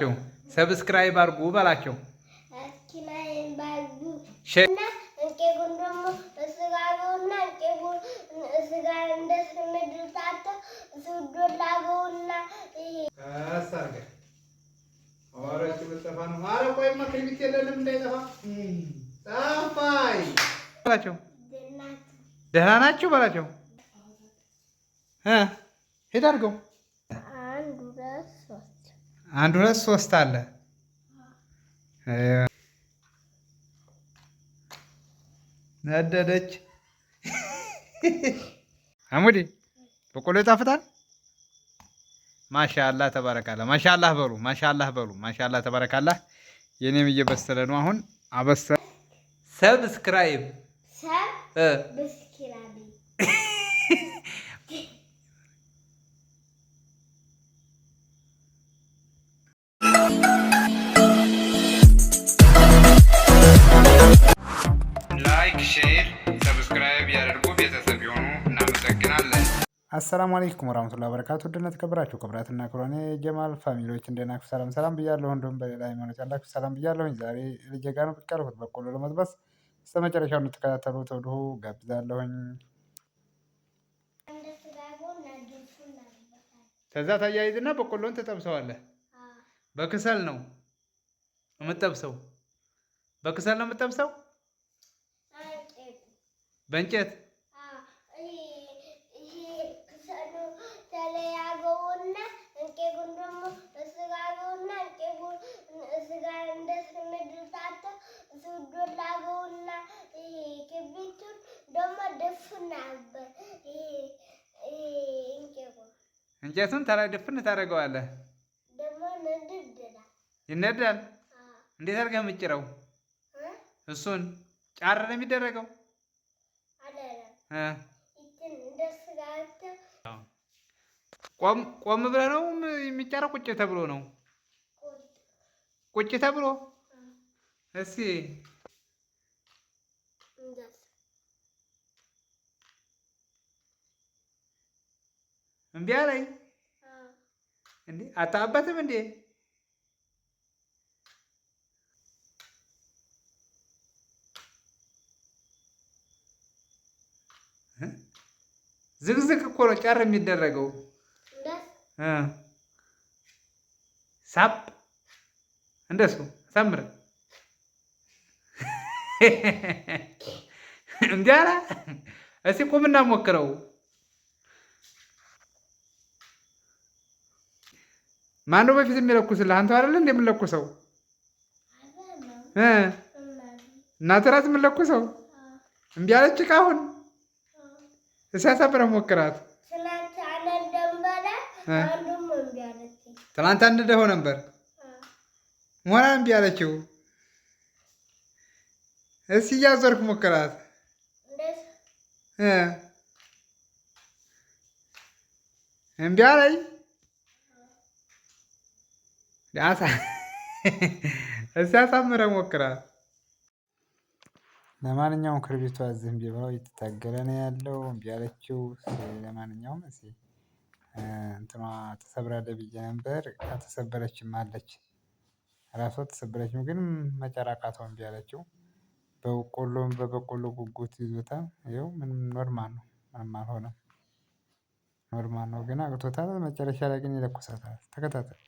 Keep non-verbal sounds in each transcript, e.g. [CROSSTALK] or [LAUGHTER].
ናቸው ሰብስክራይብ አርጉ በላቸው። ደህና ናችሁ በላቸው ሄድ አድርገው አንድ ሁለት ሶስት አለ። ነደደች። አሙዲ በቆሎ ይጣፍጣል። ማሻላ ተባረካላ። ማሻላ በሉ፣ ማሻላ በሉ፣ ማሻላ ተባረካላ። የኔም እየበሰለ ነው አሁን አበሰ ሰብስክራይብ ሰብስክራይብ አሰላሙ አለይኩም ወራህመቱላሂ ወበረካቱ ድነት ከብራችሁ ክብራትና ክብራን የጀማል ፋሚሊዎች እንደና ሰላም ሰላም ብያለሁ። እንደውም በሌላ ሃይማኖት ያላችሁ ሰላም ብያለሁኝ። ዛሬ ልጄ ጋር ነው ብቅ ያልኩት በቆሎ ለመጥበስ እስከ መጨረሻው እንድትከታተሉ ተወድሁ ጋብዛለሁኝ። ከዛ ታያይዝና በቆሎን ትጠብሰዋለህ። በክሰል ነው የምጠብሰው። በክሰል ነው የምጠብሰው በእንጨት እንጨቱን ድፍን ታደርገዋለህ። ይነዳል። እንዴት አድርገህ ምጭረው? እሱን ጫር ነው የሚደረገው። ቆም ብለህ ነው የሚጫረው? ቁጭ ተብሎ ነው? ቁጭ ተብሎ እስኪ እምቢ አለኝ እንዴ? አታበትም እንዴ? ዝግዝግ እኮ ነው ጨር የሚደረገው። ሳብ እንደሱ አሳምረ እንዲህ አላ እስኪ ቁምና ሞክረው። ማን ነው በፊት የሚለኩስልህ? አንተው አይደለ እንደ የምለኩሰው? እናትህ ናት የምለኩሰው? እምቢ አለች ዕቃ አሁን ሲያሳብረህ ሞክራት። ትናንት አንድ ደሆ ነበር መሆና እምቢ አለችው። እስኪ እያዞርክ ሞክራት። እምቢ አለኝ ሲያሳምረ [LAUGHS] ሞክራል። ለማንኛውም ክርቢቷ እዚህ እምቢ እየተታገለ ነው ያለው። እምቢ አለችው። ለማንኛውም እንትኗ ተሰብራለ ብዬ ነበር። አልተሰበረችም አለች። ራሷ ተሰበረችም፣ ግን መጨራቃቷ እምቢ አለችው። በቆሎም በበቆሎ ጉጉት ይዞታል። ይኸው ምንም ኖርማል ነው፣ ምንም አልሆነም። ኖርማል ነው፣ ግን አቅቶታል። መጨረሻ ላይ ግን ይለኩሳታል። ተከታተል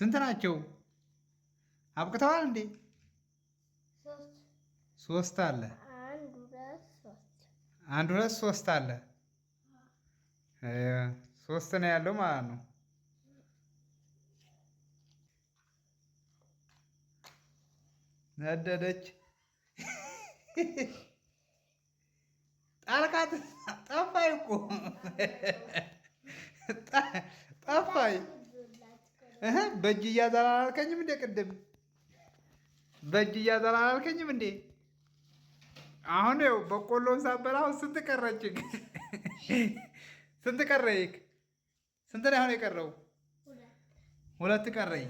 ስንት ናቸው? አብቅተዋል እንዴ? ሶስት አለ። አንድ ሁለት ሶስት አለ። ሶስት ነው ያለው ማለት ነው። ነደደች። ጣልቃት ጠፋይ እኮ ጠፋይ በእጅ እያዛል አላልከኝም እንዴ? ቅድም በእጅ እያዛል አላልከኝም እንዴ? አሁን ው በቆሎን ሳበላ አሁን ስንት ቀረች? ስንት ቀረይክ? ስንት ነው አሁን የቀረው? ሁለት ቀረኝ።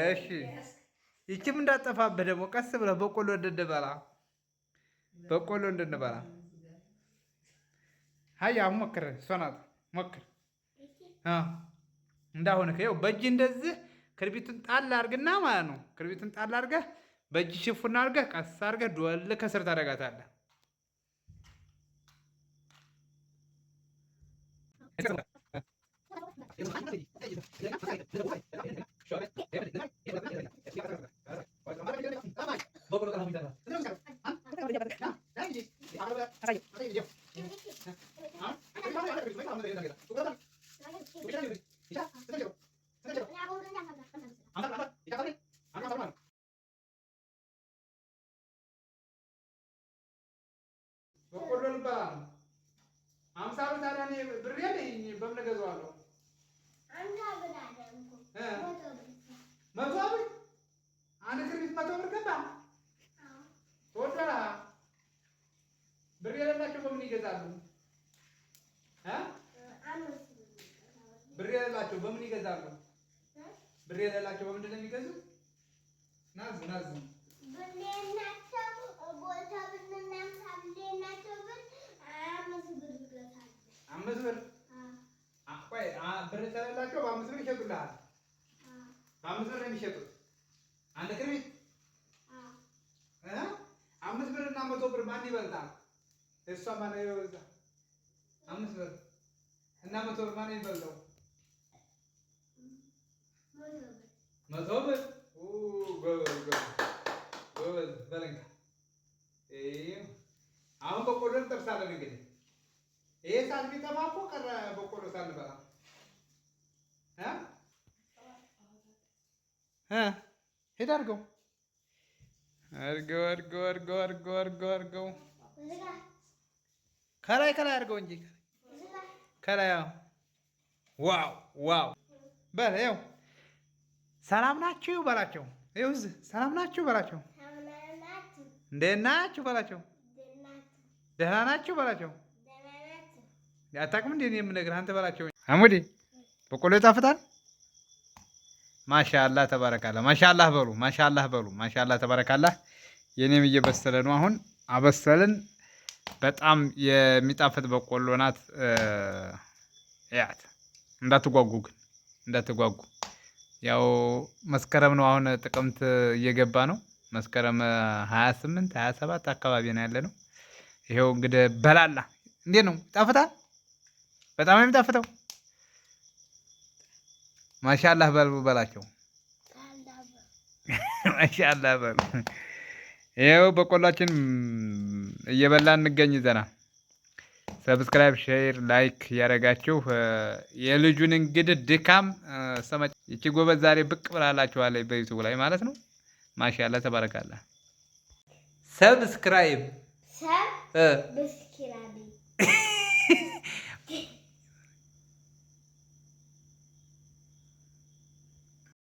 እሺ ይችም እንዳጠፋብህ ደግሞ ቀስ ብለህ በቆሎ እንድንበላ በቆሎ እንድንበላ አሁን ሞክር። እሷ ናት ሞክር እንዳሆነ ከው በእጅ እንደዚህ ክርቢትን ጣል አርግና ማለት ነው። ክርቢትን ጣል አርገ በእጅ ሽፉን አርገ ቀስ አርገ ዶል ከስር ታደርጋታለህ። [LAUGHS] እኔ ብሬ ነኝ በምን እገዛዋለሁ? መቶ ብር አንድ ክርቢት መቶ ብር ገባ። ተወዷላ ብር የሌላቸው በምን ይገዛሉ? ብር የሌላቸው በምን ይገዛሉ? ብር የሌላቸው በምንድን ነው የሚገዙ? ናዝ ናዝ አምስት ብር ቆይ ብር ተበላቸው። በአምስት ብር ይሸጡልሃል። በአምስት ብር ነው የሚሸጡት አንድ ክርቢት አምስት ብር እና መቶ ብር ማን ይበልጣል? እሷ ማን ይበልጣል? አምስት ብር እና መቶ ብር ማን ይበልጣል? መቶ ብር ጎበዝ በለንካ አሁን በቆሎን ጠብሳለን እንግዲህ ይሄ እኮ ቀረ በቆሎ ሳንበላ ሄድ አድርገው አድርገው አድርገው አድርገው አድርገው አድርገው አድርገው ከላይ ከላይ አድርገው እንጂ ከላይ ዋው ዋው ይኸው ሰላም ናችሁ በላቸው ይኸው እዚህ ሰላም ናችሁ በላቸው እንዴት ናችሁ በላቸው ደህና ናችሁ በላቸው አታውቅም እንዴ? እኔ የምነግርህ አንተ በላቸው። አሙዲ በቆሎ ይጣፍጣል። ማሻላህ ተባረካላህ። ማሻላህ በሉ፣ ማሻላህ በሉ፣ ማሻላህ ተባረካላህ። የኔም እየበሰለ ነው። አሁን አበሰልን። በጣም የሚጣፍጥ በቆሎ ናት። ያት እንዳትጓጉ ግን እንዳትጓጉ። ያው መስከረም ነው አሁን ጥቅምት እየገባ ነው። መስከረም 28 27 አካባቢ ነው ያለ ነው። ይሄው እንግዲህ በላላ እንዴት ነው? ይጣፍጣል በጣም የሚጣፍጠው ማሻላህ በሉ በላቸው። ማሻላህ በሉ። ይኸው በቆሏችን እየበላን እንገኝ ዘና ሰብስክራይብ፣ ሼር፣ ላይክ እያደረጋችሁ የልጁን እንግዲህ ድካም ሰመች። ይቺ ጎበዝ ዛሬ ብቅ ብላላችኋለ በዩቱብ ላይ ማለት ነው። ማሻላ ሰብስክራይብ ሰብስክራይብ